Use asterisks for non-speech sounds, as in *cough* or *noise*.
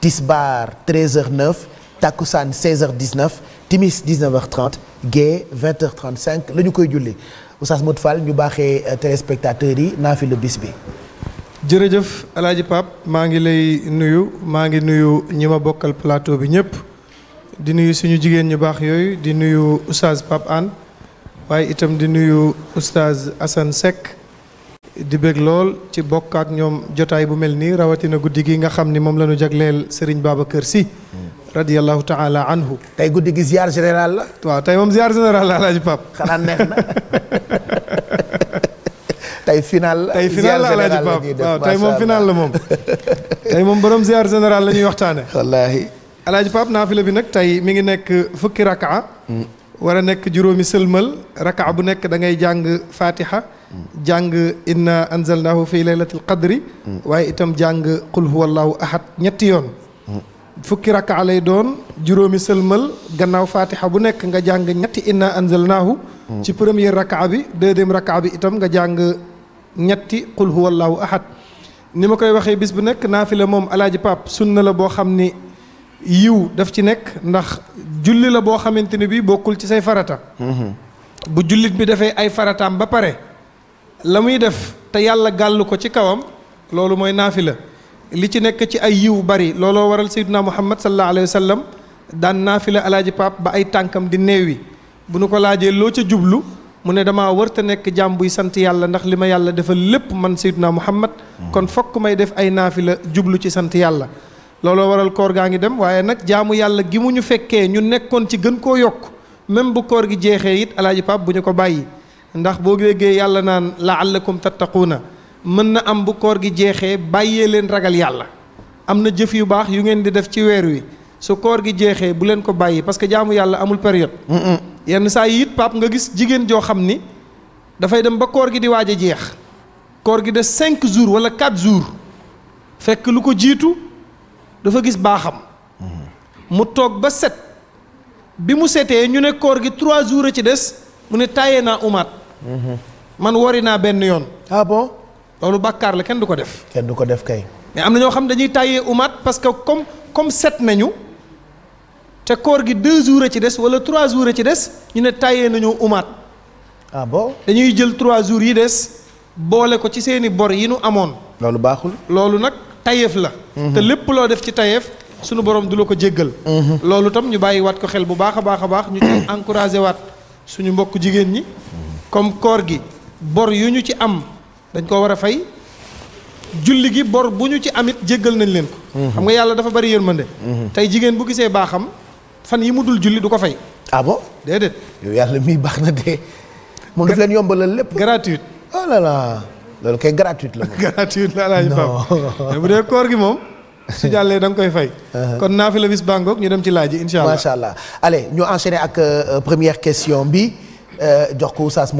tisbaar 13h09 takkusaan 16h19 timis 19h30 gée 20h35 la ñu koy julli Oustaz Modou Fall ñu baaxee euh, téléspectateurs yi naa fi la bis bi. jërëjëf El Hadj maa ngi lay nuyu maa ngi nuyu ñi ma bokkal plateau bi ñëpp di nuyu suñu jigéen ñu baax yooyu di nuyu Oustaz Pape Anne waaye itam di nuyu Oustaz Assane Seck. di bëgg lool ci bokk ak ñoom jotaay bu mel nii rawatina guddi gii nga xam ni moom lañu ñu jagleel Serigne kër si radiyallahu taala anhu tey guddi gi ziar général la. waaw tey moom ziar général la Alaaji Pape. xanaa neex na tey *laughs* final. tey final la Alaaji Pape moom final la moom. *laughs* tey moom borom ziar général la ñuy waxtaane. wallaahi. Alaaji naa naafila bi nag tey mi ngi nekk fukki rakaa. Mm. war a nekk juróomi sëlmal raka bu nekk da ngay jàng fatiha jàng inna anzalnahu fi laylatil qadri waaye itam jàng qul huwallahu ahad ñetti yoon fukki raka lay doon juróomi sëlmal gannaaw fatiha bu nekk nga jàng ñetti inna anzalnahu ci première raka bi deuxième raka bi itam nga jàng ñetti qul huwallahu ahad ni ma koy waxee bis bu nekk naafila moom alaaji pap sunna la boo xam ni yiw daf ci nekk ndax julli la boo xamante ne bii bokkul ci say farata. Mm-hmm. bu jullit bi defee ay farataam ba pare la muy def te yàlla gàll ko ci kawam loolu mooy la li ci nekk ci ay yiw bari looloo waral sayyiduna muhammad sallallahu alayhi wa sallam daan naafila alaaji pap ba ay tànkam di néewi bu nu ko laajee loo ca jublu mu ne damaa wërta nekk jaam buy sant yàlla ndax li ma yàlla defal lépp man sayyiduna muhammad mm-hmm. kon fokk may def ay naafi la jublu ci sant yàlla looloo waral koor gaa ngi dem waaye nag jaamu yàlla gi mu ñu fekkee ñu nekkoon ci gën koo yokk même bu koor gi jeexee it alaaji pap bu ñu ko bàyyi ndax boo déggee yàlla naan laallakum na mën na am bu koor gi jeexee bàyyee leen ragal yàlla am na jëf yu baax yu ngeen di def ci weer wi su koor gi jeexee bu leen ko bàyyi parce que jaamu yàlla amul période yenn saa yi it pap nga gis jigéen joo xam ni dafay dem ba koor gi di waaj a jeex koor gi de cinq jours wala quatre jours fekk lu ko jiitu dafa gis baaxam mu toog ba set bi mu setee ñu ne koor gi trois jours a ci des mu ne tàyyee naa umaat man wori naa benn yoon ah bon loolu bàkkaar la kenn du ko def kenn du ko def kay mais am na ñoo xam dañuy tàyyee umaat parce que comme comme set nañu te koor gi deux jours a ci des wala trois jours a ci des ñu ne tàyyee nañu umaat ah bon dañuy jël trois jours yi des boole ko ci seeni bor yi nu amoon loolu baaxul loolu nag tayeef la mhm. te lépp loo def ci tayeef sunu boroom du la ko jéggal mhm. loolu tam ñu bàyyi waat ko xel bu baax a baax a baax ñu ci *coughs* encouragé waat suñu mbokk jigéen ñi comme koor gi bor yu ñu ci am dañ ko war a fay julli gi bor bu ñu ci amit jéggal nañ leen ko mhm. xam nga yàlla dafa bari yërmande tey jigéen bu gisee baaxam fan yi mu dul julli du ko fay ah bon déedéet yow yàlla mii baax na de moom daf leen yombalal lépp gratuite oh là loolu kay gratuite la moom. *laughs* gratuite la alaaji Pape *laughs* bu dee koor gi moom. su jàllee da nga koy fay. *laughs* Uh-huh. kon naa fi la bis bàngoog ñu dem ci laaj yi incha allah macha allah allez ñu enchaîner ak euh, première question bi euh, jox ko Oustaz